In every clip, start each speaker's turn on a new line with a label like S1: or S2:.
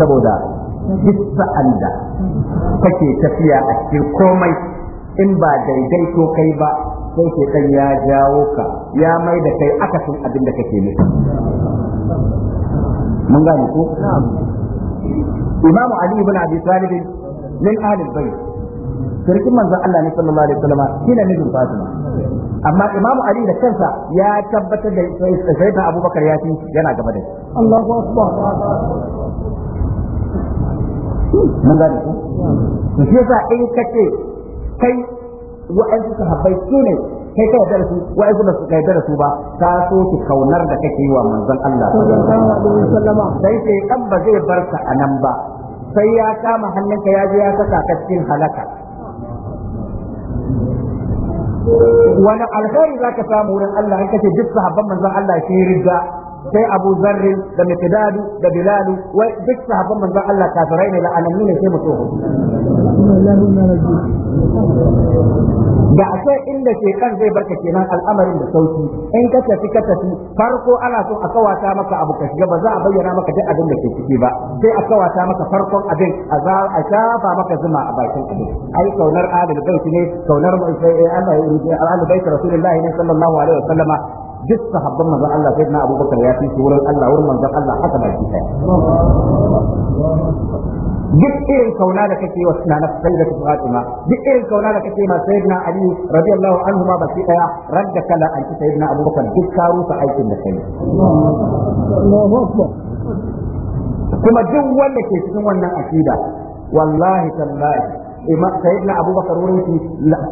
S1: saboda duk sa'an da kake tafiya a cikin komai in ba daidaito kai ba sai kan ya jawo ka ya mai da kai akasin abin da kake nufi mun gane ko imamu ali ibn abi talib min ahli bayt sirkin manzon Allah ne sallallahu alaihi wasallam shine nijin fatima amma imam ali da kansa ya tabbatar da sayyidina abubakar ya fi yana gaba da Allahu akbar mun gane ku shi yasa in kace kai wa'ansu sahabbai su ne kai ka da su wa'ansu ba su ka da su ba ka so ki kaunar da kake yi wa manzon Allah sai sai kan ba zai bar ka anan ba sai ya kama hannunka ya je ya saka ka cikin halaka wani alkhairi ka samu wurin Allah in ce duk sahabban manzon Allah shi riga sai Abu Zarr da Miqdad da Bilal wai duk sahabban manzon Allah kafirai ne la'anannu ne sai mutum da a sai inda shekan zai barka kenan al'amarin da sauki in ka tafi ka tafi farko ana so a kawata maka abu ka shiga ba za a bayyana maka duk abin da ke ciki ba sai a kawata maka farkon abin a za a shafa maka zuma a bakin abin ai kaunar ahlul bait ne kaunar eh, Allah ya eh, rubuta ahlul bait rasulullahi sallallahu alaihi wasallama duk sahabban manzon Allah sai na abubakar ya fi shi wurin Allah wurin manzon Allah haka ba shi kai duk irin kauna da kake wa sunana sai da Fatima duk irin kauna da kake ma sayyidina Ali radiyallahu anhu ma baki daya radda kala an ci sayyidina Abubakar duk ka rusa aikin da kai kuma duk wanda ke cikin wannan akida wallahi tallahi imam sayyidina abubakar wurin shi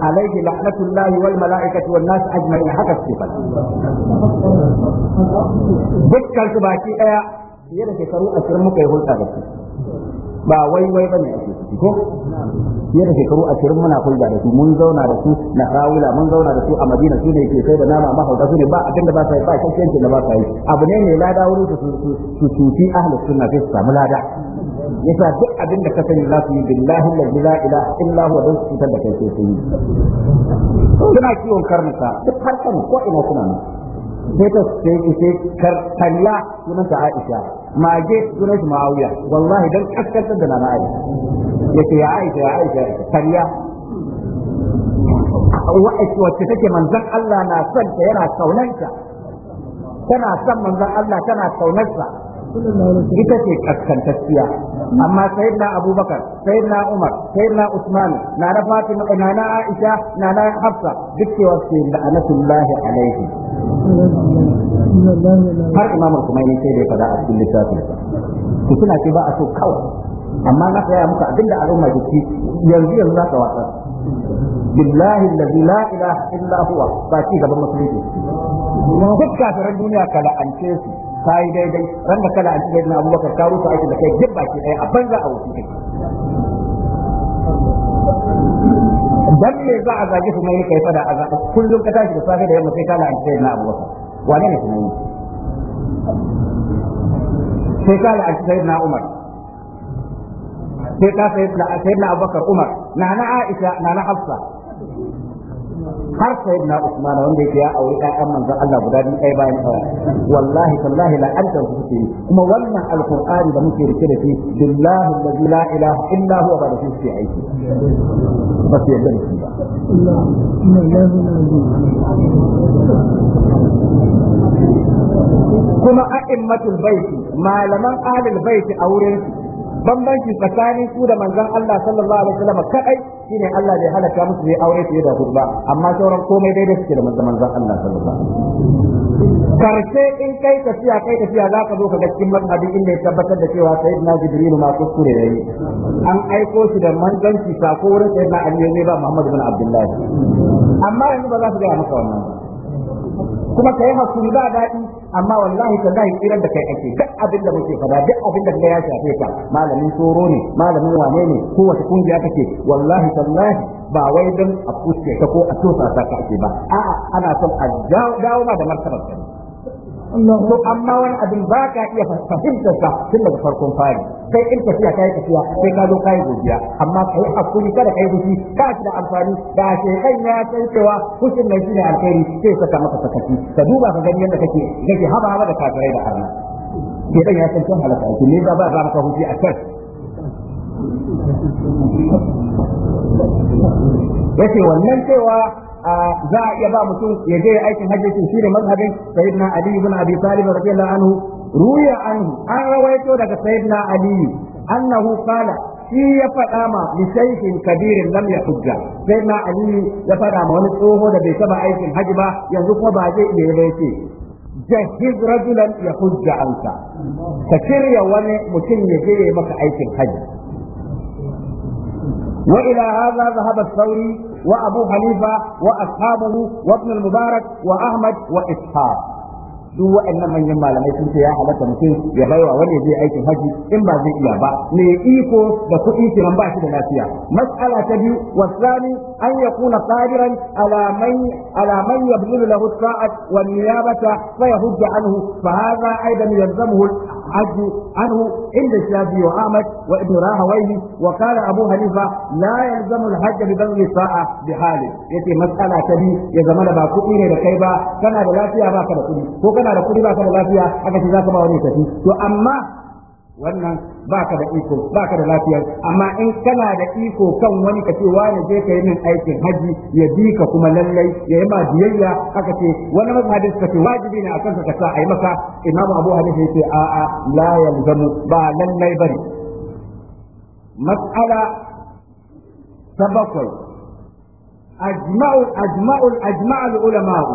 S1: alaihi la'natullahi wal mala'ikati wan nas ajma'in haka su fa dukkan su baki daya fiye da shekaru muka yi hulɗa da su ba wai wai ne ake ciki ko fiye da shekaru ashirin muna hulɗa da su mun zauna da su na kawula mun zauna da su a madina su ne ke sai da nama mahauta su ne ba abin da ba sa yi ba kyakkyanci da ba sa yi abu ne mai lada wurin su su cuci ahlus sunna sai su samu lada yasa duk abin da ka sani za su yi billahi la ilaha illa huwa dan su da kai sai yi suna kiwon karnuka duk har kan ko ina suna nan sai ta sai sai kar kalla sunan ta Aisha mage sunan shi Muawiya wallahi dan kaskantar da na Aisha yace ya Aisha ya Aisha kalla wacce take manzon Allah na son ta yana kaunanta tana son manzon Allah tana kaunarsa ita ce kaskantacciya amma na abubakar na umar na usman na na fatima na na aisha na na hafsa duk cewa su da anatullahi alaihi har imam kuma kumaini sai da ya fada a cikin littafin su suna ce ba a so kawai amma na saya muka abinda al'umma ke ci yanzu yanzu za ka wasa billahi allazi la ilaha illa huwa ba ci gaban musulunci duk kafiran duniya ka su kai daidai ran da kana a cikin abubakar ka rusa aikin da kai duk baki ɗaya a banza a wuce dan me za a zage su mai kai fada a zaka kullum ka tashi da safe da yamma sai ka la'anci sai na abubakar wane ne kuma yi sai ka la'anci sai na umar sai ka sai na abubakar umar na na aisha na na hafsa har na Usman wanda yake ya aure ƴaƴan manzon Allah guda biyu ɗaya bayan ɗaya wallahi tallahi la anta suke kuma wannan alqur'ani da muke rike da shi billahi allazi la ilaha illa huwa ba da shi aiki ba su yarda da ba kuma a'immatul baiti malaman ahlul baiti a wurin bambanci tsakanin su da manzon Allah sallallahu alaihi wasallam kadai shine Allah bai halaka musu bai aure fiye da hudu amma sauran komai daidai suke da manzon Allah sallallahu alaihi wasallam karshe in kai tafiya kai tafiya za ka zo ka ga cikin mazhabin inda ya tabbatar da cewa sayyidina jibril ma kuskure yayi an aiko shi da manzanci sako wurin sayyidina aliyu ne ba Muhammad bin Abdullahi amma yanzu ba za su ga maka wannan ba kuma ka yi hakuri ba daɗi amma wallahi tallahi tsirar da kai ake duk abin da muke faɗa duk abin da ya shafe ka malamin tsoro ne malamin wane ne ko wata kungiya take wallahi tallahi ba wai don a kuske ka ko a tosa ka ake ba a'a ana son a dawo ma da martabar kai to amma wani abin ba ka iya fahimtar sa tun daga farkon fari sai in tafiya kai tafiya sai ka zo kai gobiya amma kai hakuri kada kai fushi ka shi da amfani da shekai ya san cewa fushin nan shine alkhairi sai saka maka sakaci ka duba ka gani yadda kake kake haba haba da kafirai da harna ke dan ya san kan halaka ki ne ba za maka hutu a kan yace wannan cewa za a iya ba mutum ya je aikin hajji shi ne mazhabin sayyidina ali ibn abi talib radiyallahu anhu ruya anhu an rawaito daga sayyidina ali annahu qala shi ya fada ma li shaykhin kabirin lam yahujja sayyidina ali ya faɗa ma wani tsoho da bai taba aikin hajji ba yanzu kuma ba zai iya yake jahiz rajulan yahujja anka ka shirya wani mutum ya je maka aikin hajji wa ila hadha dhahaba sauri. wa حنيفة Mubarak, وابن المبارك wa وإسحاق duk waɗannan manyan malamai sun ce ya halatta mutum ya baiwa wanda zai aikin haji in ba zai iya ba me iko da kuɗi kiran ba shi da lafiya mas'ala ta biyu wasani an yakuna qadiran ala man ala man yabdulu lahu sa'at wa niyabata fa yahujja anhu fa hadha aidan yalzamuhu inda Ahmad عنه عنه عند الشافعي وأحمد وابن راهويه وقال أبو حنيفة لا يلزم الحج ببلغ ساعة بحال يتي مسألة تبي يا زمان ba kuɗi ne da kai ba kana da lafiya ba ka da kudi ko kana da kudi ba ka da lafiya aka ce za ka ba wani tafi to amma wannan baka da iko baka da lafiya amma in kana da iko kan wani kace wani je kai min aikin haji ya bi ka kuma lallai ya yi ma biyayya aka ce wani mazhabin suka ce wajibi ne a ka sa yi maka imamu abu hanifa yace a a la yalzamu ba lallai bari. mas'ala ta bakwai ajma'u ajma'u ajma'u ulama'u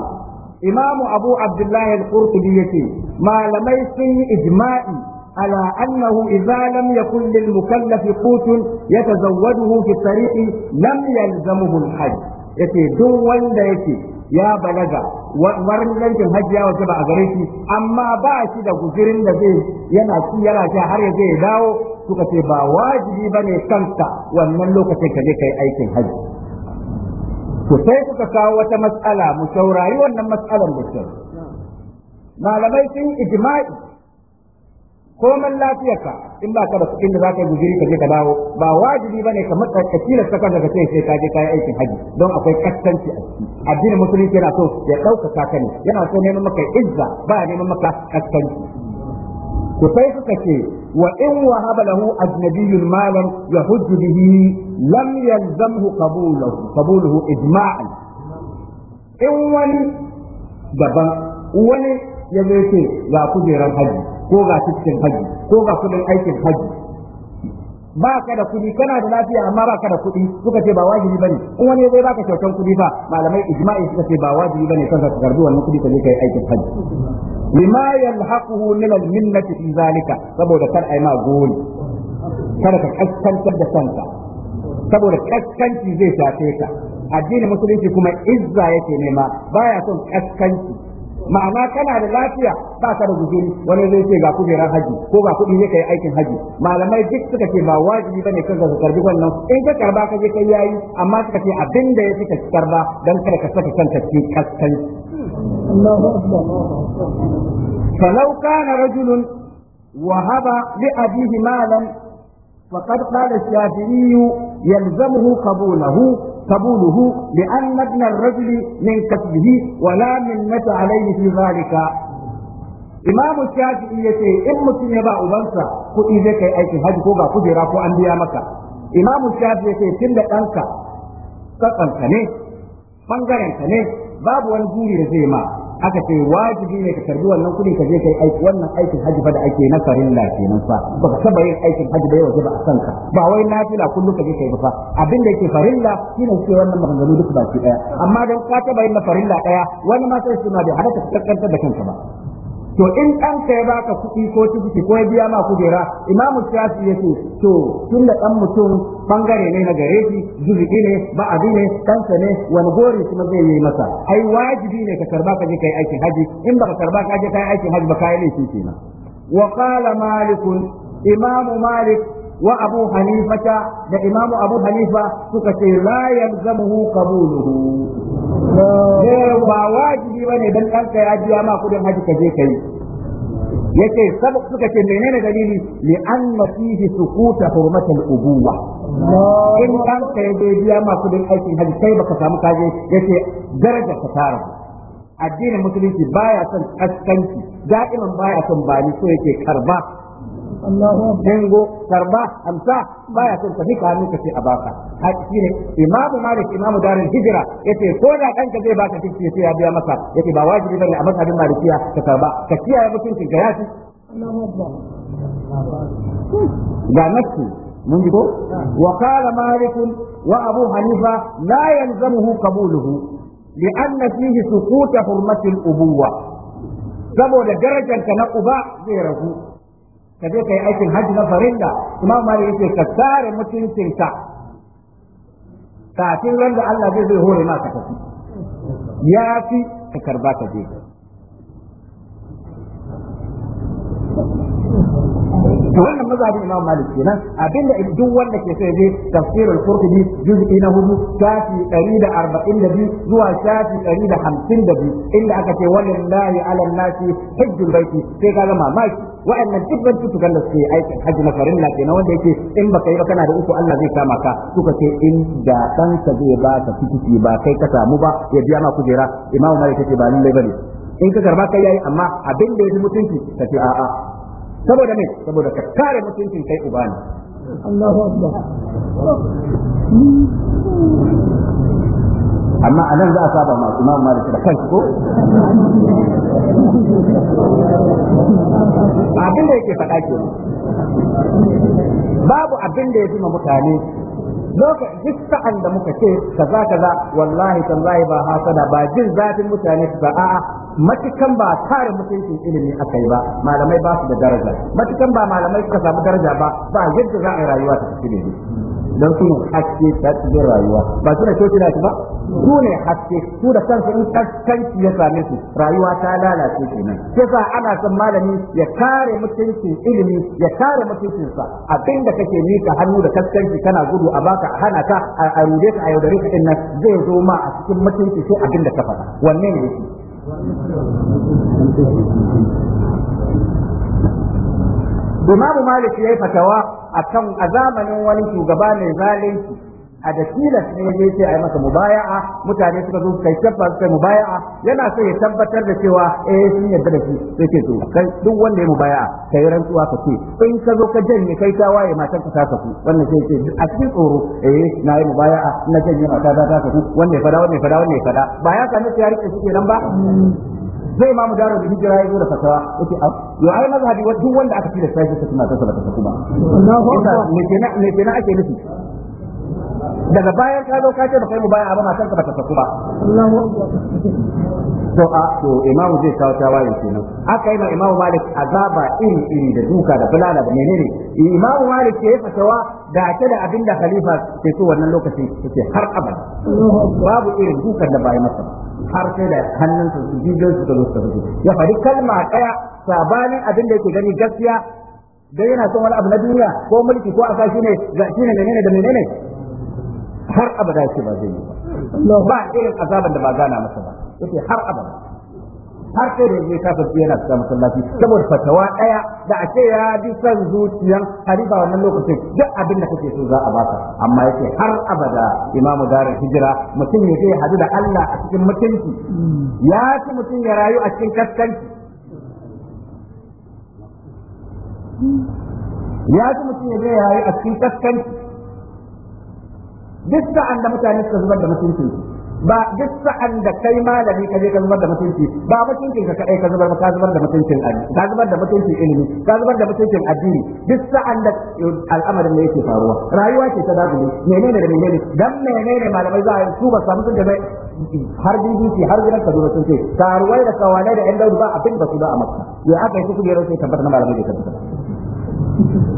S1: imamu abu abdullahi al-qurtubi yace malamai sun yi ijma'i على أنه إذا لم يكن للمكلف قوت يتزوجه في الطريق لم يلزمه الحج yace duk wanda yake ya balaga warnancin hajji ya wace ba a gare shi amma ba shi da guzirin da zai yana ci yana sha har ya zai dawo suka ce ba wajibi ba ne kanka wannan lokacin ka je kai aikin hajji to sai suka kawo wata matsala mu saurari wannan matsalar da kyau malamai sun ijma'i Koman lafiyarka in ba ka da kuɗin da za ka yi ka je ka dawo ba wajibi bane ka matsa ka tilasta kanka daga ce sai ka je ka aikin haji don akwai kaskanci a ciki addinin musulunci yana so ya ɗaukaka ka ne yana so neman maka izza ba neman maka kaskanci Ku sai suka ce wa in wahaba lahu ajnabiyyun malan yahujj bihi lam yalzamhu qabuluhu qabuluhu ijma'an in wani daban wani ya zai ce ga kujerar haji ko ga cikin haji ko ga kudin aikin haji ba ka da kudi kana da lafiya amma ba ka da kudi suka ce ba wajibi bane in wani zai baka kyautan kudi fa malamai ijma'i suka ce ba wajibi bane kanka ka garbi wannan kudi ka je kai aikin haji lima yalhaquhu min al-minnati fi zalika saboda kar ai ma goli kada ka kaskantar da kanka saboda kaskanci zai shafe ka addinin musulunci kuma izza yake nema baya son kaskanci ma'ana kana da lafiya ba ka da guzuri wani zai ce ga kujerar haji ko ga kuɗi ne kai aikin haji malamai duk suka ce ba wajibi bane kan ka karbi wannan in ka karba ka je kai yayi amma suka ce abin da ya fi ka karba dan kada ka saka kanka cikin kaskan فلو كان رجل وهب لأبيه مالا فقد قال الشافعي يلزمه قبوله قبوله لأن ابن الرجل من كسبه ولا منة عليه في ذلك Imam Shafi'i yace in mutum ya ba ubansa kuɗi zai kai aikin hajji ko ga kujera ko an biya maka. Imam Shafi'i yace tunda ɗanka kakanka ne bangaren ka ne babu wani guri da zai ma aka ce wajibi ne ka karbi wannan kudin ka je kai aiki wannan aikin haji fa da ake na farilla kenan fa baka taba yin aikin haji ba yau ba a san ka ba wai nafila kullum ka je kai ba fa abin da yake farilla shine ce wannan maganganu duka baki daya amma dan ka taba yin na farilla daya wani ma sai suna da hada ka kankantar da kanka ba to in ɗanka ya baka kuɗi ko tikiti ko ya biya ma kujera imamu shafi ya ce to tun da ɗan mutum bangare ne na gare shi zubi ne ba abi ne sa ne wani gori kuma zai yi masa ai wajibi ne ka karba ka je kai aikin haji in ka karba ka je kai aikin haji ba kai shi kenan wa qala malik imamu malik wa abu hanifa da imamu abu hanifa suka ce la yalzamuhu qabuluhu Eh, ba wajibi ba ne don ɗanka ya biya ma kudin haji ka je ka yi yace sabab suka ce menene dalili li anna su sukuta hurmatul ubuwa in ɗanka ya bai biya ma kudin aikin haji kai baka samu kaje yace daraja ka tara addinin musulunci baya son kaskanci da'iman baya son bani so yake karba dingo karba amsa baya son ka fika hannu ka ce a baka haƙi ne imamu malik imamu darin hijira yace ko da ɗanka zai baka fiki sai ya biya masa yace ba wajibi bane a masa masabin malikiya ka karba ka kiyaye mutuncin ka yafi ga nafsi mun ji ko wa qala malik wa abu hanifa la yalzamuhu qabuluhu لأن فيه سقوط حرمة الأبوة saboda darajar ka na uba zai ragu ka je ka yi aikin hajji na farinda imam malik yace ka tsare ka kafin ran da Allah zai zai hore maka ka tafi ya fi ka karba ka je to wannan mazhabin imam malik kenan abinda duk wanda ke so yaje tafsirul qurtubi juz'i na hudu shafi 142 zuwa shafi 152 inda aka ce walillahi ala nasi hajjul baiti sai kaga mamaki wa'annan duk ban tutukan da suke aikin hajji na farilla kenan wanda yake in baka yi ba kana da uku Allah zai kama ka suka ce in da ɗanka zai ba ka fitiki ba kai ka samu ba ya biya ma kujera imamu malik ce ba lallai bane in ka karba kai yayi amma abin da ji mutunci ka ce a'a saboda me saboda ka kare mutuncin kai uba ne Allahu akbar amma anan za a saba ma Imam Malik da kanki ko abin da yake faɗa ke babu abin da ya fi mutane Loka duk sa'an da muka ce kaza kaza wallahi tallahi ba hasada ba jin zafin mutane su a'a matukan ba kare mutuncin ilimi aka yi ba malamai ba su da daraja matukan ba malamai suka samu daraja ba ba yadda za a yi rayuwa ta tafi daidai don su ne haske ta cikin rayuwa ba su ne coci ba su ne haske su da kansu in kaskanci ya same su rayuwa ta lalace kenan sa ana son malami ya kare mutuncin ilimi ya kare mutuncin sa da kake mika hannu da kaskanci kana gudu a baka hana ka a rude ka a yaudare ka zai zo ma a cikin mutunci sai da ka faɗa wanne ne yake
S2: Imamu
S1: Malik ya yi fatawa a kan a zamanin wani shugaba mai zalunci a da tilas ne ya ce a yi masa mubaya'a mutane suka zo suka yi tabba suka mubaya'a yana so ya tabbatar da cewa eh sun yarda da shi sai ce to kai duk wanda ya mubaya'a kai rantsuwa ka ce in ka zo ka janye kai ta waye matan ka ta ku wannan sai ce a cikin tsoro eh na yi mubaya'a na janye mata ta ta ku wanda ya fada wanda ya fada wanda ya fada ba ya sami ya rike shi kenan ba zai ma mu daro da hijira ya zo da fatawa yace a yo ai mazhabi duk wanda aka tilasta shi ta tuna ta sabata kuma me kenan me kenan ake nufi daga bayan ka zo ka ce ba kai mu baya ba matan ka bata saku ba to a to imamu zai kawo tawaye kenan aka yi ma imamu malik azaba iri iri da duka da bulala da menene imamu malik ke ya fatawa da ta da abin da khalifa ke so wannan lokacin yake har abada babu irin dukan da bayan masa har sai da hannunsa su jijiyar su da lokaci ya faɗi kalma ɗaya sabanin abin da yake gani gaskiya dai yana son wani abu na duniya ko mulki ko aka shine shine menene da menene har abada yake ba zai yi ba ba irin azaban da ba gana masa ba yake har abada har sai da zai kafa yana cikin masallaci saboda fatawa daya da a ce ya bi san zuciyan hariba wannan lokacin duk abin da kake so za a baka amma yake har abada imamu darin hijira mutum ya zai hadu da Allah a cikin mutunci hmm. ya ci mutum ya rayu a cikin kaskanci hmm. ya ci mutum ya ya rayu a cikin kaskanci duk sa'an da mutane suka zubar da mutuncin ba duk sa'an da kai malami ka je ka zubar da mutunci ba mutuncin ka kadai ka zubar ka zubar da mutuncin ka zubar da mutuncin ilimi ka zubar da mutuncin addini duk sa'an da al'amarin ne yake faruwa rayuwa ce ta dagule menene da menene dan menene malamai za a su ba samu sun da har BBC har gidan Kaduna sun ce taruwai da kawane da yan daudu ba abin da su da a Makka ya aka yi su kujerar sai tabbatar malamai da tabbata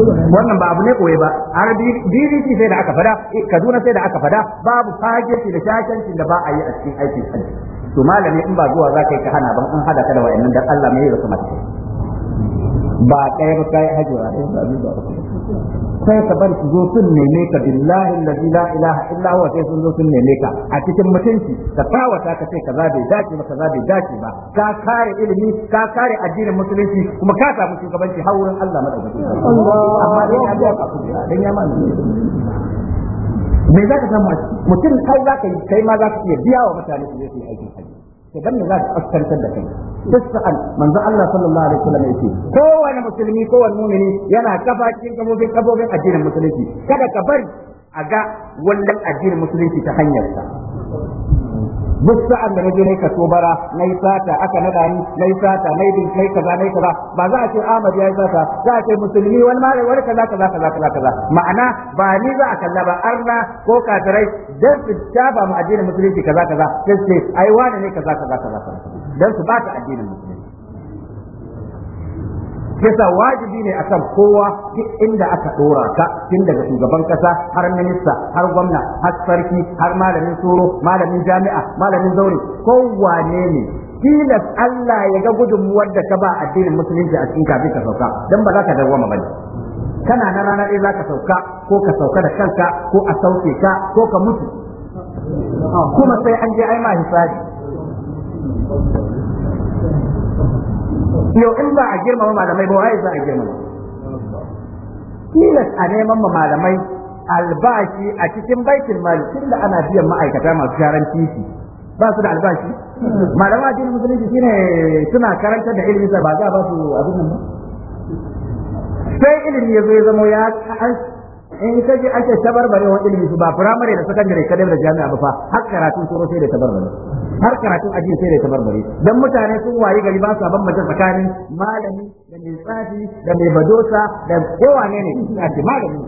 S1: wannan ba abu ne koyi ba har BBC sai da aka fada eh, Kaduna sai da aka fada babu fageci da shakancin da ba a yi a cikin aikin hajji to malami in ba zuwa zaka yi ka hana ban an hada ka da wayannan dan Allah mai ya kamata ba kai ba kai hajji ba ba sai ka bar su zo sun neme ka billahi allazi la ilaha illa huwa sai sun zo sun neme ka a cikin mutunci ka tawata ka ce ka bai dace ba kaza bai dace ba ka kare ilimi ka kare addinin musulunci kuma ka samu shugabanci har wurin Allah madaukakin amma dai ya biya ka dan ya ma me za ka samu mutum kai za ka yi kai ma za ka iya biya wa mutane su je su yi aikin to ne za ka kaskantar da kai duk sa'an manzo Allah sallallahu alaihi wasallam yake kowane musulmi kowane mu'mini yana kafa cikin kafofin addinin musulunci kada ka bari a ga wannan addinin musulunci ta hanyarsa duk sa'an da na je nayi kaso bara nayi sata aka naɗa ni nayi sata nayi bin nayi kaza nayi kaza ba za a ce Ahmad yayi sata za a ce musulmi wani ma wani kaza kaza kaza kaza kaza ma'ana ba ni za a kalla ba arna ko katarai dan su tafa mu addinin musulunci kaza kaza sai ce ai wani ne kaza kaza kaza dan su ba ta addinin musulunci yasa wajibi ne a kan kowa duk inda aka dora ka tun daga shugaban kasa har minista har gwamna har sarki har malamin tsoro malamin jami'a malamin zaure kowane ne tilas Allah ya ga gudunmuwar da ka ba addinin musulunci a cikin kafin ka sauka dan ba za ka dawwama ba. kana na rana ɗaya za ka sauka ko ka sauka da kanka ko a sauke ka ko ka mutu kuma sai an je ai ma hisabi yau in ba a girmama malamai ba waye za a girmama tilas a neman ma malamai albashi a cikin baitul mali tunda ana biyan ma'aikata masu sharan titi ba su da albashi malama addinin musulunci shine suna karantar da ilimi ba za a ba su abin nan sai ilimi ya zo ya zama ya in ka je ake wa ilimi su ba firamare da sakandare kadai da jami'a ba fa har karatun tsoro sai da tabarbare har karatun aji sai da tabarbare dan mutane sun wayi gari ba ban bambanta tsakanin malami da mai tsafi da mai badosa da kowa ne ne a ce malami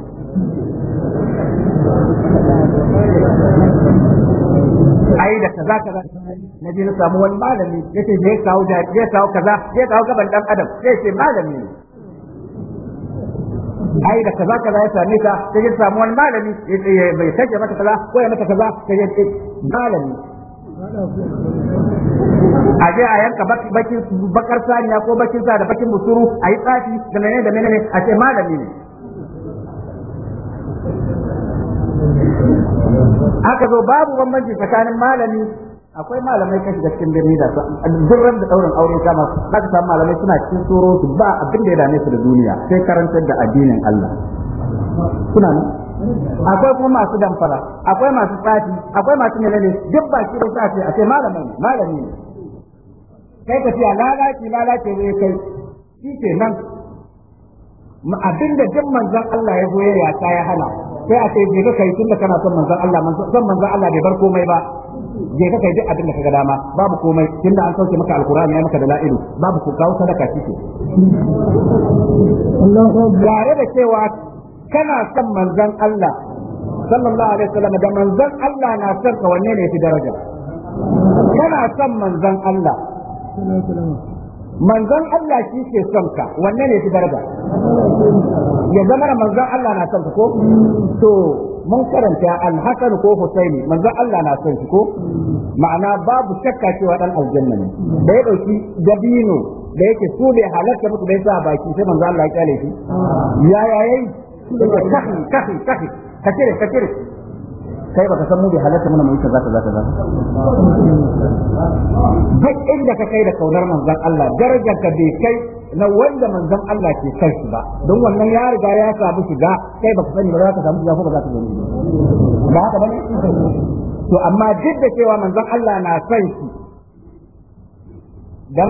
S1: ai da kaza kaza na je na samu wani malami yace je kawo da je kawo kaza je kawo gaban dan adam sai ce malami ai da kaza kaza ya same ka sai ya samu wani malami eh, bai sake maka kaza ko ya maka kaza sai ya malami a je a yanka bakin bakar saniya ko bakin sa da bakin musuru a yi tsafi da menene da menene a ce malami ne aka zo babu bambanci tsakanin malami akwai malamai kashi da cikin birni da durran da daurin aure kama za ka samu malamai suna cikin tsoro su ba abin da ya dame su da duniya sai karantar da addinin Allah suna nan akwai kuma masu damfara akwai masu tsafi akwai masu melele duk ba shi da sa ce a ce malamai malami ne kai ka fiya lalace lalace ne kai shi ke nan abin da duk manzon Allah ya zo ya yasa ya hana sai a ce je ka kai da kana son manzon Allah manzon Allah bai bar komai ba je ka kai duk abin da kaga dama babu komai tunda an sauke maka alkur'ani ya maka da la'ilu babu ku kawo sadaka kike. Gare da cewa kana son manzon Allah sallallahu alaihi wasallam da manzon Allah na son ka wanne ne fi daraja kana son manzon Allah manzon Allah shi ke son ka wanne ne fi daraja ya zama manzon Allah na son ka ko to mun karanta al-hasan ko husaini manzo Allah na son shi ko ma'ana babu shakka cewa dan aljanna ne da ya dauki dabino da yake su bai halatta musu bai sa baki sai manzo Allah ya kyale shi ya ya yayi kafi kafi kafi kacire kacire kai baka san mu bai halatta mana mun kaza kaza kaza duk inda ka kai da kaunar manzon Allah darajar ka bai kai na wanda manzon Allah ke kai shi ba don wannan ya riga ya samu shiga kai ku sani ba za ka samu shiga ko ba za ka gani ba haka ba ne. to amma duk da cewa manzon Allah na san shi dan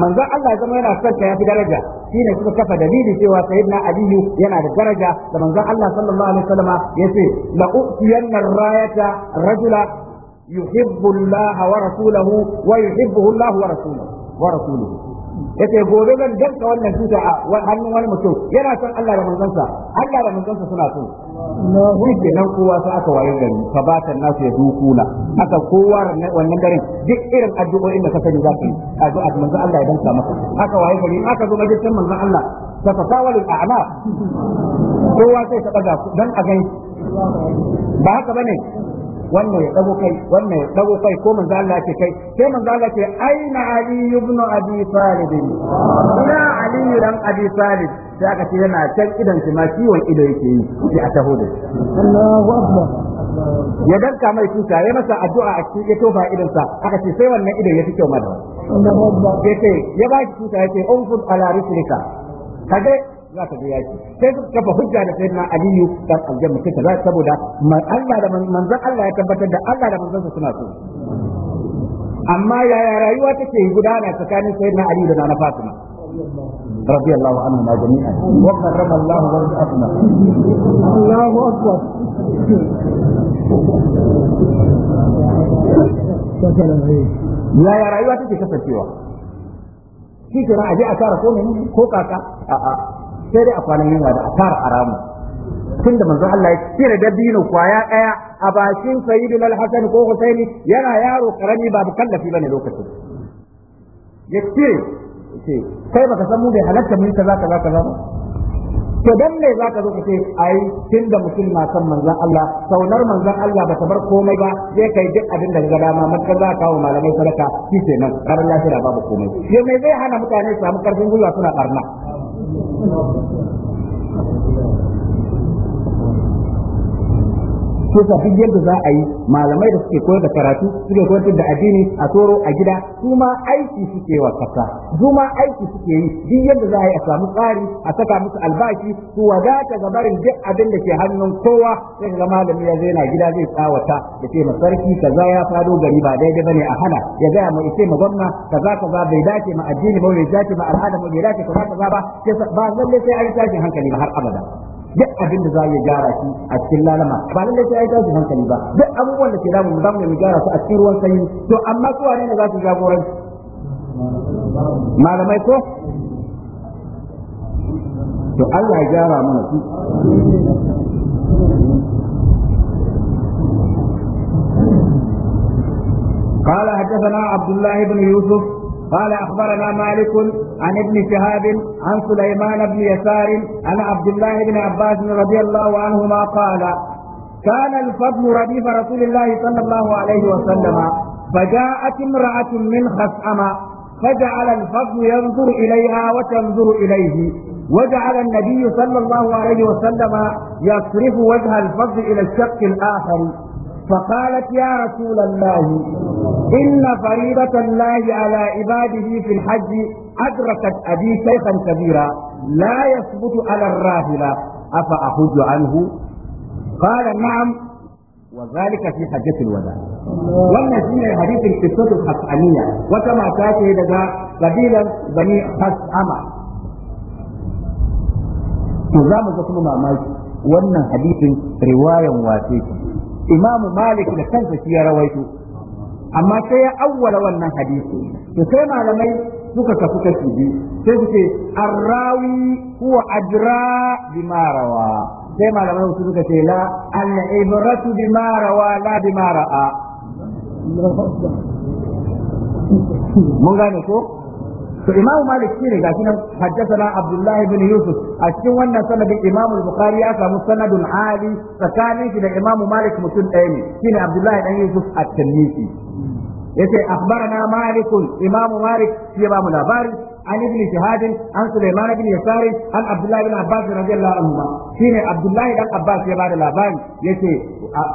S1: manzon Allah zama yana son ta yafi daraja shine suka kafa dalili cewa sayyidina aliyu yana da daraja da manzon Allah sallallahu alaihi wasallama yace la uqiyanna rayata rajula yuhibbu Allah wa rasuluhu wa yuhibbuhu Allah wa rasuluhu wa rasuluhu yace gobe zan danka wannan tuta a hannun wani mutum yana son Allah da manzansa Allah da manzansa suna so shi kenan kowa sai aka waye gari fabatan nasu ya dukuna aka kowa wannan garin duk irin addu'o'in da ka sani za ka yi addu'a manzon Allah ya danka maka aka waye gari aka zo majalisar manzon Allah تتساوى الاعناق kowa sai ta ɗaga dan a gan ba haka bane wannan ya dago kai wannan ya dago kai ko manzo Allah ce kai sai manzo Allah ce aina ali ibn abi talib ina ali ran abi talib sai aka ce yana can idan shi ma ciwon ido yake yi sai a taho da Allahu akbar ya danka mai tuta ya masa addu'a a cikin ya tofa idan sa aka ce sai wannan idan ya fi kyau madawa Allahu akbar ya ba shi tuta ya ce unfud ala risrika kage za ka yaki sai kafa hujja da sayyidina aliyu dan aljanna sai saboda Allah Allah ya tabbatar da Allah da manzon suna so amma yaya rayuwa take gudana tsakanin sayyidina aliyu da nana fatima رضي الله عنهما جميعا وكرم الله وجههما الله اكبر yaya rayuwa take kasancewa shi a a tara ko kaka a'a sai dai a kwanan yin wada a fara haramu tunda manzo Allah ya cire dabino kwaya daya a bashin sayyidul hasan ko husaini yana yaro karami babu kallafi bane lokacin ya cire ce kai baka san mu bai halatta mun kaza kaza kaza ba to dan ne zaka zo ka ce ai tunda mutum na san manzon Allah saunar manzon Allah ba ta bar komai ba sai kai duk abin da ga dama maka za ka kawo malamai sadaka shi kenan ya lafiya babu komai yau mai zai hana mutane samu karfin gwiwa suna barna Thank you. ko sa duk yadda za a yi malamai da suke koyar da karatu suke koyar da addini a toro a gida su ma aiki suke wa kasa su ma aiki suke yi duk yadda za a yi a samu tsari a saka musu albashi su wadata ga barin duk abin da ke hannun kowa sai ga malami ya zaina gida zai tsawata da ce sarki kaza ya fado gari ba daidai bane a hana ya gaya mu ce mu gwamna kaza kaza bai dace ma addini ba bai dace ma al'ada ba bai dace kaza kaza ba ba lalle sai an tashi hankali ba har abada duk abin da za ya gyara shi a cikin lalama ba da ke aika su hankali ba duk abubuwan da ke damu mu zamu mu gyara su a cikin ruwan sanyi to amma su wane ne za su jagoranci malamai ko to Allah ya gyara mana su قال حدثنا عبد الله بن يوسف قال أخبرنا مالك عن ابن شهاب عن سليمان بن يسار عن عبد الله بن عباس رضي الله عنهما قال كان الفضل رديف رسول الله صلى الله عليه وسلم فجاءت امرأة من خثعم فجعل الفضل ينظر إليها وتنظر إليه وجعل النبي صلى الله عليه وسلم يصرف وجه الفضل إلى الشق الآخر فقالت يا رسول الله إن فريضة الله على عباده في الحج أدركت أبي شيخا كبيرا لا يثبت على الراهلة أفأحج عنه قال نعم وذلك في حجة الوداع وما في حديث القصة الحسانية وكما تاتي لدى قبيلة بني حسامة تزامن مع ما وأن حديث رواية واسعة imamu malik da kansa shi ya rawaito amma sai ya awwala wannan hadisi to sai malamai suka kafu kashi sai su ce arrawi huwa ajra bima rawa sai malamai su suka ce la al ibratu bima rawa la bima mun gane ko to imamu malik shi ne gashi nan haddathana abdullahi bin yusuf a cikin wannan sanadin imamu bukhari ya samu sanadun ali tsakanin shi da imamu malik mutum ɗaya ne shine abdullahi dan yusuf at-tanisi yace akhbarana malik imamu malik ya ba mu labari عن ابن شهاد عن سليمان بن يسار عن عبد الله بن عباس رضي الله عنهما شين عبد الله بن عباس يا بعد الأبان يتي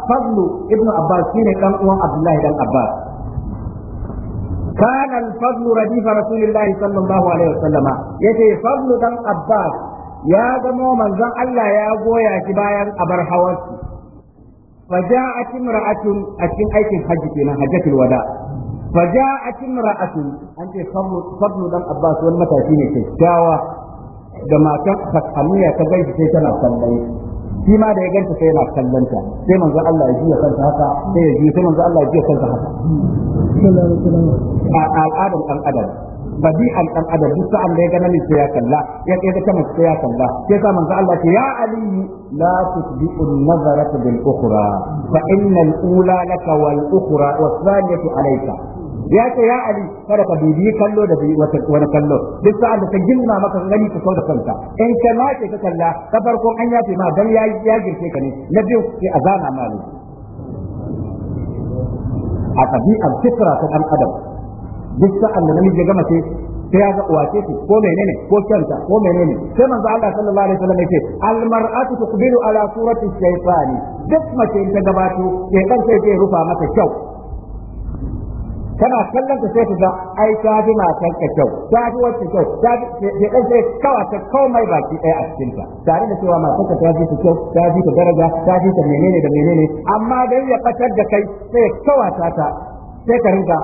S1: فضل ابن عباس شين كان عبد الله بن عباس كان الفضل رديف رسول الله صلى الله عليه وسلم يتي فضل دم عباس يا جماعة من زن الله يا يا كبايا أبر حواس فجاءت امرأة أتين أيك الحج كنا حجة الوداع فجاءت امرأة أنت فضل فضل دم عباس والمتى فيني كشاوة da matan fakamiyya ta gaishe tana kallon shi ma da ya ganta sai yana kallon ta sai manzo Allah ya jiya haka sai ya jiya sai manzo Allah ya jiya haka al'adar dan adam badi'an dan adam duk sa'an da ya ga sai ya kalla ya ga ta mace sai ya kalla sai sa manzo Allah ce ya ali la tusbi'u an-nazarata bil ukhra fa inna al-ula laka wal ukhra was-thaniyatu alayka ya ce ya ali kada ka dubi kallo da wani kallo duk sa'a da ka gina maka gani ka kau da kanka in ka nace ka kalla ta farko an yafe ma dan ya girke ka ne na biyu sai a zana ma ne a ɗabi'ar fitra ta ɗan adam duk sa'a da namiji ya gama ce sai ya ga wace ce ko menene ko kyanta ko menene sai manzo Allah sallallahu alaihi wasallam yake al mar'atu tuqbilu ala surati shaytani duk mace ta gabato sai kan sai rufa mata kyau kana kallon ta sai ta ga ai ta fi matan ka kyau ta fi wacce kyau ta ji ke dan sai ta komai baki ɗaya a cikin ta tare da cewa matan ka ta fi ta kyau ta fi ta daraja ta fi ta menene da menene amma dai ya fatar da kai sai kawa ta ta sai ka rinka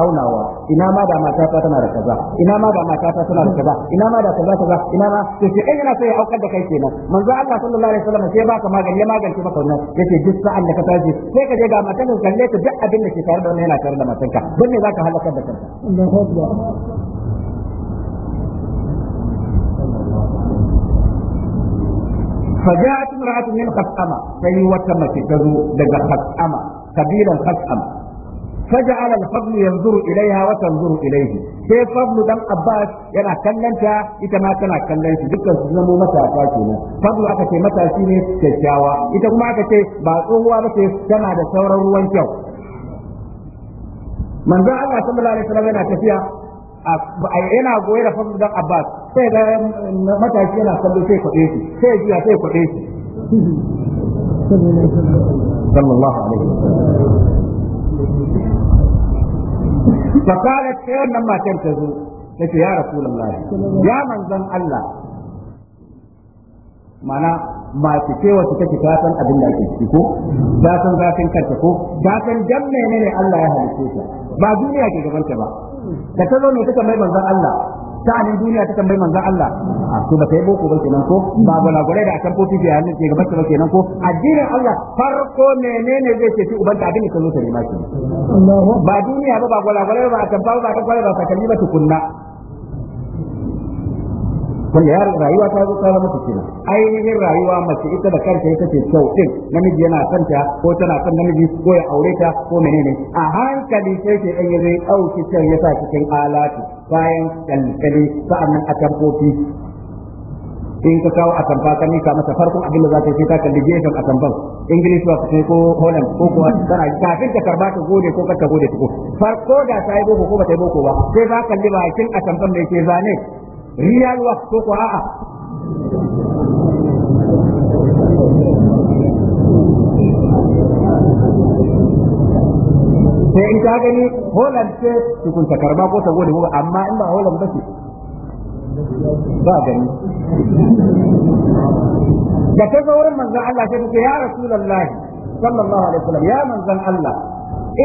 S1: aunawa ina ma da mata ta tana da kaza ina ma da mata ta tana da kaza ina ma da kaza kaza ina ma to shi in yana so ya aukar da kai kenan manzo Allah sallallahu alaihi wasallam sai baka magani ya magance maka wannan yace duk sa'an da ka tashi sai ka je ga matan ka kalle ta duk abin da ke tare da wannan yana tare da ka don ne zaka halakar da kanka Allahu akbar فجاءت امرأة من خثأمة سي وتمت تزو دق خثأمة قبيلا خثأمة فجعل الفضل ينظر إليها وتنظر إليه sai fadlu dan abbas yana kallanta ita ma tana kallon dukkan su zama matasa kenan fadlu aka ce matashi ne kyakkyawa ita kuma aka ce ba tsohuwa ba ce tana da sauran ruwan kyau manzon Allah sallallahu alaihi wasallam yana tafiya yana goye da fadlu dan abbas sai matashi yana kallo sai kwaɗe shi sai jiya sai kwaɗe shi فقالت sai wannan matar ta zo tace ya rasulullahi ya manzon Allah mana mace ce wacce take ta san abin da ake ciki ko ta san zafin kanta ko ta san dan menene Allah ya halice ta ba duniya ke gaban ta ba ka ta zo ne take mai manzon Allah sha'anin duniya ta tambayi manzon Allah a to ba kai boko ba kenan ko ba gwalagwalai da akan kofi ya hannun ke gaban ba kenan ko addinin Allah farko menene zai ce ci uban ta abin ka zo ta nema ki ba duniya ba ba gwalagwalai ba akan ba ba akan gwalai ba sakalli ba tukunna wanda ya rayuwa ta zo kawo mata kenan ainihin rayuwa mace ita da kanta ita ce kyau din namiji yana son ta ko tana son namiji ko ya aure ta ko menene a hankali sai ke ɗan yi zai ɗauki can ya sa cikin alatu bayan kankare sa'annan a tamfofi in ka kawo a tamfa ka nika masa farkon abin da za ta yi ta kalli gefen a tamfan ingilis ba sai ko holland ko kuwa tana kafin ta karba ta gode ko ka gode ta ko farko da ta yi boko ko ba ta yi boko ba sai za kalli ba a cin tamfan da ke zane real work ko ko a'a sai in ka gani Holland ce tukun ta karba ko ta gode amma in ba Holland ba ce ba gani da ta zo wurin manzon Allah sai kace ya Rasulullah sallallahu alaihi wasallam ya manzon Allah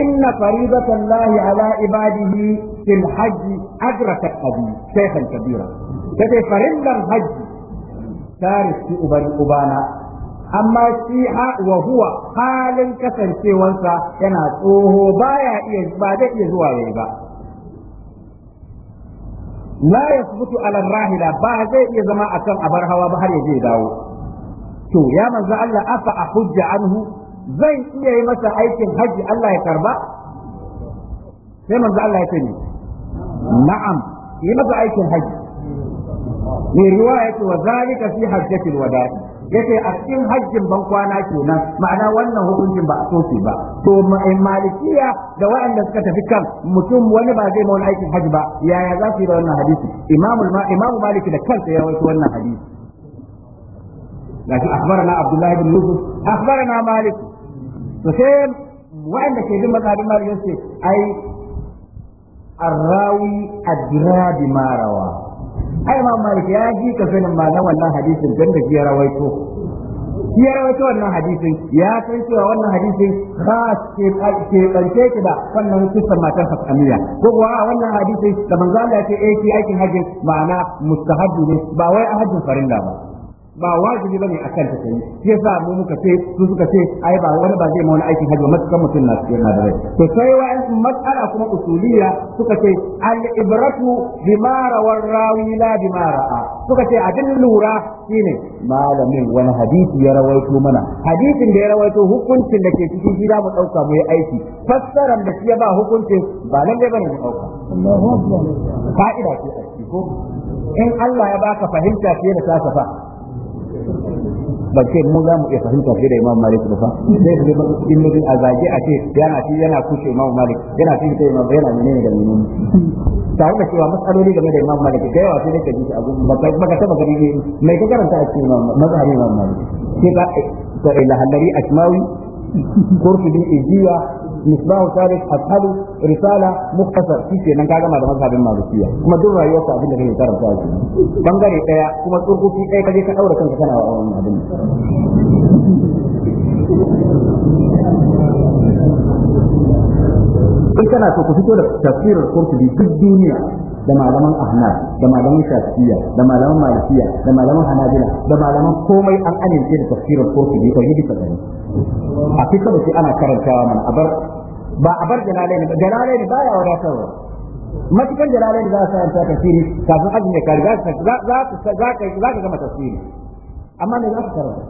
S1: inna faridatan lahi ala ibadihi fil hajj adrakat abi shaykhan kabira kace farindan hajji ta riski ubana amma shi wa huwa halin kasancewansa yana tsoho baya iya ba zai iya zuwa yayi ba la yasbutu ala rahila ba zai iya zama akan abar hawa ba har ya je dawo to ya manzo Allah afa a hujja anhu zan iya yi masa aikin haji Allah ya karba sai manzo Allah ya ce ni na'am yi masa aikin haji ne riwaya ce wa zalika fi hajjatil wada'i yace a cikin hajjin ban kwana kenan ma'ana wannan hukuncin ba a so ba to eh, malikiya da waɗanda suka tafi kan mutum wani ba zai wani aikin hajji ba yaya za su yi da wannan hadisi imamu imamu maliki da kansa ya wato wannan hadisi لكن أخبرنا Abdullahi الله بن يوسف أخبرنا مالك فسيم وعند كيدم مذهب مالك يوسف أي الراوي أدرى بما marawa ai ma malik ya ji ka sanin malan wannan hadisin dan da ya rawaito ya rawaito wannan hadisin ya san cewa wannan hadisin khas ke bance ki da wannan kisan matar fasamiya ko kuwa wannan hadisin da manzo Allah ya ce eh ki aikin hajji ma'ana mustahabbi ne ba wai hajjin farinda ba ba wajibi bane akan ta kai shi yasa mu muka ce su suka ce ai ba wani ba zai ma wani aiki haji ba matukan mutum na cikin na da to sai wa an mas'ala kuma usuliya suka ce al ibratu bima rawar rawi la bima ra'a suka ce abin lura shine malamin wani hadisi ya rawaito mana hadisin da ya rawaito hukuncin da ke cikin shi za mu dauka mu yi aiki fassaran da shi ya ba hukuncin ba lalle bane mu dauka Allahu akbar fa'ida ce a ciki ko in Allah ya baka fahimta fiye da ta fa ba ce mu za mu iya fahimta fiye da imam malik ba fa sai su ba in mutum a zage a ce yana ci yana kushe imam malik yana ci ta imam yana menene da mun tare da cewa matsaloli game da imam malik da yawa sai da kaji a ba ka taba gani ne mai ka karanta a cikin imam mazhabi imam malik sai ka ila halari asmawi kurfi bin ijiya مصباح ثالث أدخل رسالة مختصر في شيء نكاغا ما دمت هذه المالوكية كما دور رأي وقع في الذي يتارى ثالث بانداري إيا كما ترقو في إيا كذلك أورا كنت كان أورا من هذا إيا كنا توقفتو لك تفسير القرطبي في الدنيا لما لمن أهناك da malaman shafi'iyya da malaman malikiya da malaman hanabila da malaman komai an amince da tafsirin kurtubi ko yidi kadai a fi kaba sai ana karantawa mana a bar ba a bar jalalai ba jalalai baya wadatarwa matukan jalalai za su karanta tafsiri kafin azumi ya kare za ka gama tafsiri amma me za ka karanta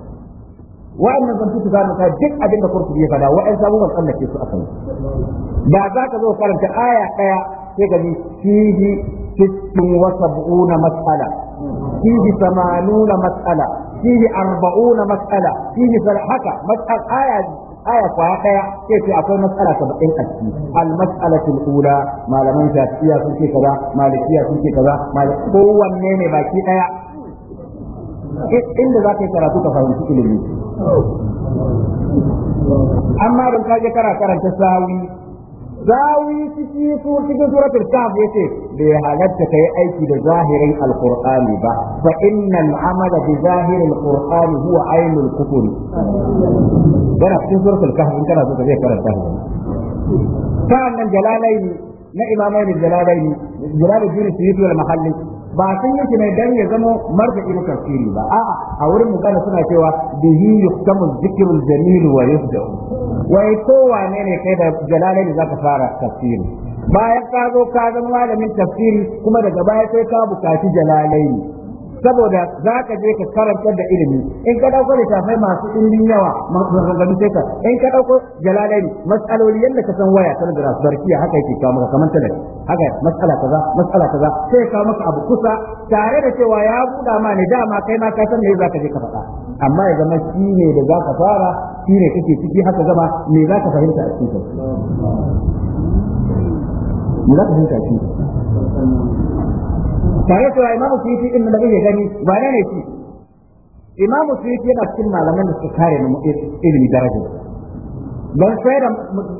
S1: wa'annan zantu su karanta duk abin da kurtubi ya fada wa'an sabuwar tsallake su akai da za ka zo karanta aya daya sai gani fihi sittun wa sab'una mas'ala fihi samanuna mas'ala fihi arba'una mas'ala fihi haka mas'ala aya aya kwa daya sai ce akwai mas'ala saba'in a ciki al mas'alatu ula malaman shafiya sun ce kaza malikiya sun ce kaza kowanne ne baki daya inda za ka yi karatu ka fahimci ilimi amma ban don je kana karanta sawi zawi ciki su cikin suratul kaf yace bai halatta kai aiki da zahirin alqur'ani ba fa innal amala bi zahirin qur'ani huwa ainul kufur dan cikin suratul kaf in kana so ka zai karanta shi sa'an nan jalalaini na imamai da jalalaini jalalaini yi wal mahalli ba sun yi shi dan ya zama marka ido tafsiri ba a'a a wurin mukana suna cewa bihi yuktamu zikru jamil wa yubda wai kowane ne kai da jalalaini zaka fara tafsiri bayan ka zo ka zama malamin tafsiri kuma daga baya sai ka bukaci jalalaini saboda za ka je ka karanta da ilimi in ka dauko littafai masu ilimin yawa masu sai ka in ka dauko jalalaini matsaloli yadda ka san waya tana da barkiya haka yake kawo maka kamar tana haka matsala kaza matsala kaza sai ka maka abu kusa tare da cewa ya buɗa ma ne dama kai ma ka san me za ka je ka faɗa amma ya zama shi ne da za ka fara shi ne kake ciki haka zama me za ka fahimta a cikin me za ka fahimta a cikin tare da imamu suyuti din da kuke gani ba ne ne shi imamu suyuti yana cikin malaman da suka kare mu ilimi daraja don sai da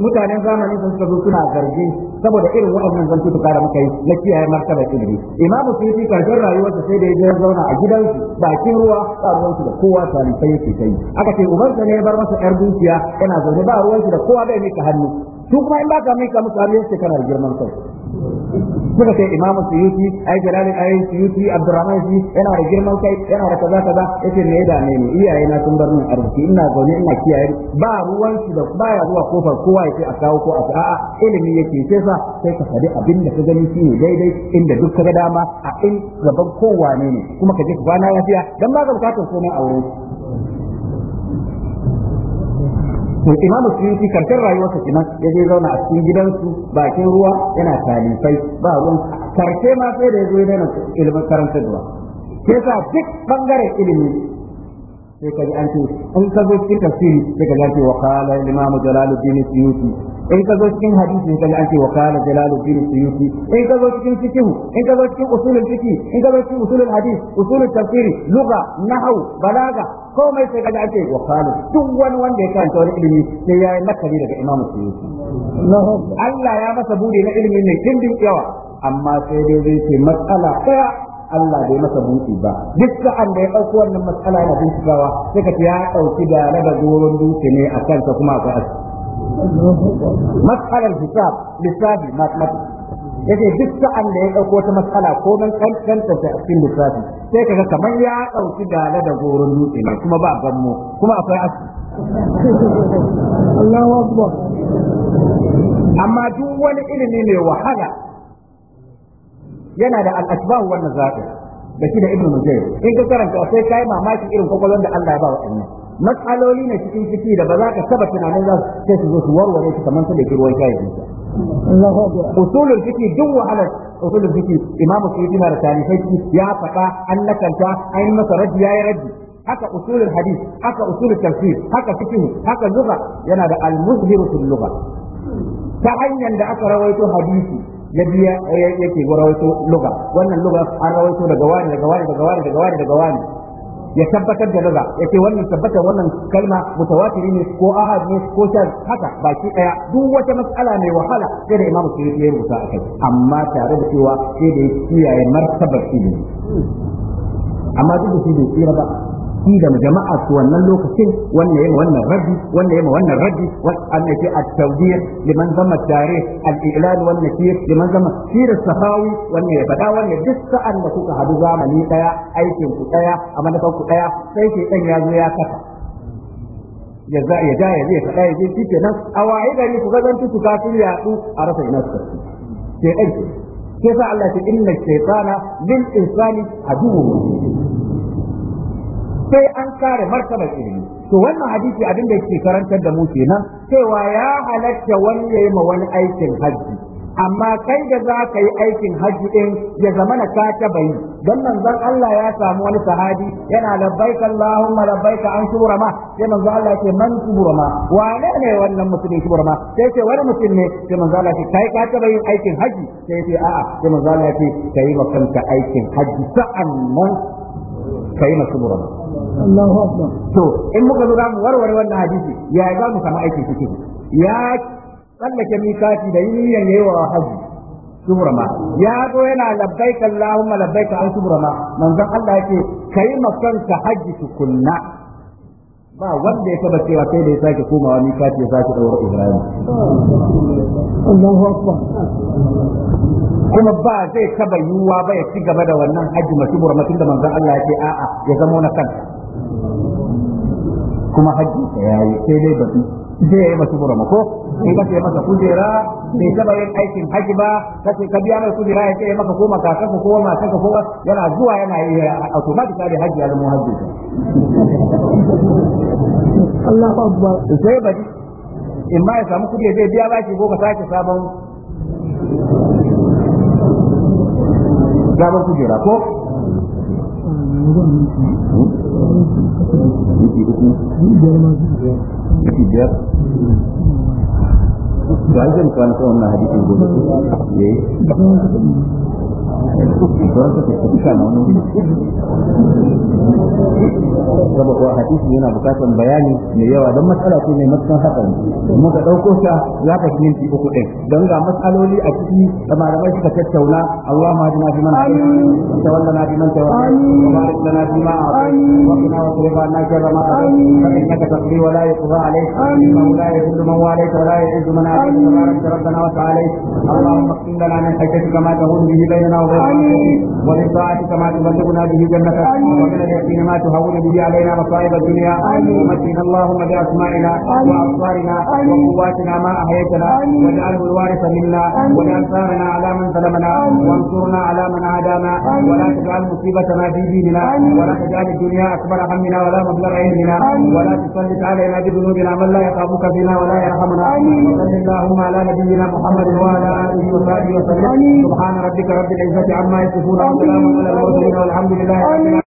S1: mutanen zamani sun zo suna zargi saboda irin waɗannan zantuka da muka yi na kiyaye martaba ilimi imamu suyuti karshen rayuwarsa sai da ya zauna a gidansu bakin ruwa ba ruwansu da kowa talibai yake kai aka ce ubansa ne ya bar masa yar dukiya yana zaune ba ruwansu da kowa bai mika hannu su kuma in baka mika musu har yace kana girman kai suka ce imamu suyuti ai jalali ai yuti abdurrahman su yana da girman kai yana da kaza kaza yace me ya dame ne iyaye na sun bar min arziki ina zaune ina kiyaye ba ruwan shi da ya zuwa kofar kowa yake a kawo ko a a'a ilimi yake sai sa sai ka faɗi abin da ka gani ne daidai inda duk ka ga dama a in gaban kowa ne kuma ka je ka kwana lafiya dan ba ka bukatar komai a wurin to imam suyuti karshen rayuwarsa kenan ya je zauna a cikin gidansu bakin ruwa yana talifai ba ruwan karshe ma sai da ya zo yana ilimin karantarwa ke sa duk bangaren ilimi sai ka ji an ce in ka zo cikin tafsiri sai ka ji an ce wa kala imam jalaluddin suyuti in ka zo cikin hadisi sai ka ji an ce wa kala jalaluddin suyuti in ka zo cikin fiqh in ka zo cikin usulul fiqh in ka zo cikin usulul hadis usulul tafsiri lugha nahwu balaga komai sai kaga ake wa kalu duk wani wanda ya karanta wani ilimi sai yayi nakari daga imamu suyuti Allah ya masa bude na ilimin ne kindin yawa amma sai dai zai ce matsala daya Allah bai masa buɗi ba duk sa'an da ya ɗauko wannan matsala yana bincikawa sai ka ya ɗauki da raba goron dutse ne a kansa kuma ka aski matsalar hisab lissafi mathematics Yake duk sa'an da ya ɗauko wata matsala ko dan kankan ta cikin lissafi sai kaga kamar ya ɗauki gala da goron dutse ne kuma ba gammo kuma akwai asu Allahu akbar amma duk wani ilimi mai wahala yana da al-asbab wa da shi da ibnu mujahid in ka karanta sai kai mamaki irin kokolon da Allah ya ba wa'annan matsaloli ne cikin ciki da ba za ka saba tunanin za su sai su zo su warware su kamar su da ruwan shayi usulul fiqh duk wahalar usulul fiqh imam suyuti na da tarihai ya faɗa an nakanta an masa raddi yayi raddi haka usulul hadith haka usulul tafsir haka fiqh haka lugha yana da al-muzhiru fil lugha ta hanyar da aka rawaito hadisi ya biya yake rawaito lugha wannan lugha an rawaito daga wani daga wani daga wani daga wani ya tabbatar da daga ya ce wannan tabbatar wannan kalma mutawatiri ne ko ahad ne ko sha haka baki daya duk wata matsala mai wahala sai da imam suyuti ya rubuta akai amma tare da cewa sai da ya kiyaye martabar ilimi amma duk da shi bai tsira ba shi da jama'a su wannan lokacin wannan yema wannan raddi wannan yema wannan raddi wannan ke at-tawdiyah liman zama tare, al-i'lan wannan ke liman zama sir sahawi wannan ya fada wannan duk sa'an da kuka hadu zamani daya aikin ku daya a manufar ku daya sai ke dan ya zo ya kafa ya za ya ja ya zai fada ya je shi kenan a waye gari ku ga zan tuku kafin ya a rasa ina su sai aiki sai sa Allah ya inna shaytana lil insani aduwwun sai an kare martabar ilimi to wannan hadisi abin da yake karantar da mu kenan cewa ya halatta wani yayi ma wani aikin hajji amma kai da za ka yi aikin hajji din, ya zama na ka taɓa yi don manzon Allah ya samu wani sahabi yana labbaika Allahumma labbaika an shura ma sai manzon Allah ya ce man shura ma wane ne wannan mutumin shura ma sai ce wani mutum ne sai manzon Allah ya ce kai ka taɓa yin aikin hajji sai ce a'a sai manzon Allah ya ce kai ma kanka aikin hajji sa'an nan kai ma shura ma Allahu to in muka zo mu warware wannan hadisi ya za mu samu aikin cikin ya tsallake mikati da yin yawa haji shubura ma ya zo yana labbaika Allahumma labbaika an shubura ma manzon Allah yake kai makanka haji tukunna ba wanda ya taba cewa sai da ya sake komawa ni ya sake daura Ibrahim Allahu akbar kuma ba zai taba yiwuwa ba ya ci gaba da wannan haji mashubura ma tunda manzon Allah yake a'a ya zama na san. kuma Hajji ya yi sai dai batu sai ya yi masu burama ko in ka ce masa kujera bai taɓa yin aikin haƙi ba ka ce ka biya mai kujera ya ce maka ko makakanka ko matanka ko yana zuwa yana yi automatic da haƙi ya zama haƙƙinsa. Allahu Akbar. Sai bari in ma ya samu kuɗi zai biya baki ko ka sake sabon sabon kujera ko hmm, miki uku miki biyar to ai zan kwana kan wannan hadisin gobe eh sauran suka tafi kan wani saboda hadisi yana bukatar bayani mai yawa don matsala ce mai matsan hakan, mu ka ɗauko sa ya ka fi minti uku ɗin don ga matsaloli a ciki da malamai suka tattauna Allah ma jina fi mana haɗin ta wanda na bi man ta wani kuma da na fi ma a kai, wani na wasu rufa na kyan rama a wani na ka tafi wala ya kuba alai wala ya kudu man walai wala ya izu mana a wani da rabbana wa ta'alai Allah ma lana min hajjati ta hudu bainana امين ومن طاعتك ما تبلغنا به جنتك ومن اليقين ما تهون به علينا مصائب الدنيا ومتنا اللهم باسمائنا وابصارنا وقواتنا ما احييتنا واجعله الوارث منا واجعل ثارنا على من ظلمنا وانصرنا على من عادانا ولا تجعل مصيبتنا في ديننا ولا تجعل الدنيا اكبر همنا ولا مبلغ علمنا ولا تسلط علينا بذنوبنا من لا يخافك فينا ولا يرحمنا وصل اللهم على نبينا محمد وعلى اله وصحبه وسلم سبحان ربك رب العزه العزة عما يصفون وسلام
S2: على المرسلين والحمد لله